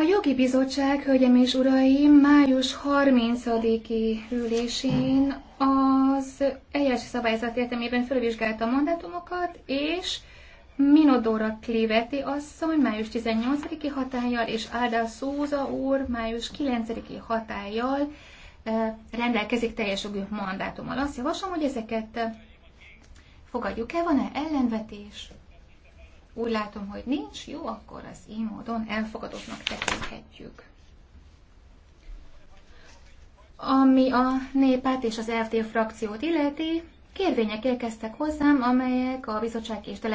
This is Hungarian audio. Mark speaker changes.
Speaker 1: A jogi bizottság, hölgyem és uraim, május 30-i ülésén az eljárási szabályzat értelmében felvizsgálta a mandátumokat, és Minodora Kliveti asszony május 18-i hatállyal, és Áldá Szóza úr május 9-i hatállyal eh, rendelkezik teljes jogi mandátummal. Azt javaslom, hogy ezeket fogadjuk el, van-e ellenvetés? Úgy látom, hogy nincs, jó, akkor az így módon elfogadottnak tekinthetjük. Ami a népát és az FD frakciót illeti, kérvények érkeztek hozzám, amelyek a bizottság és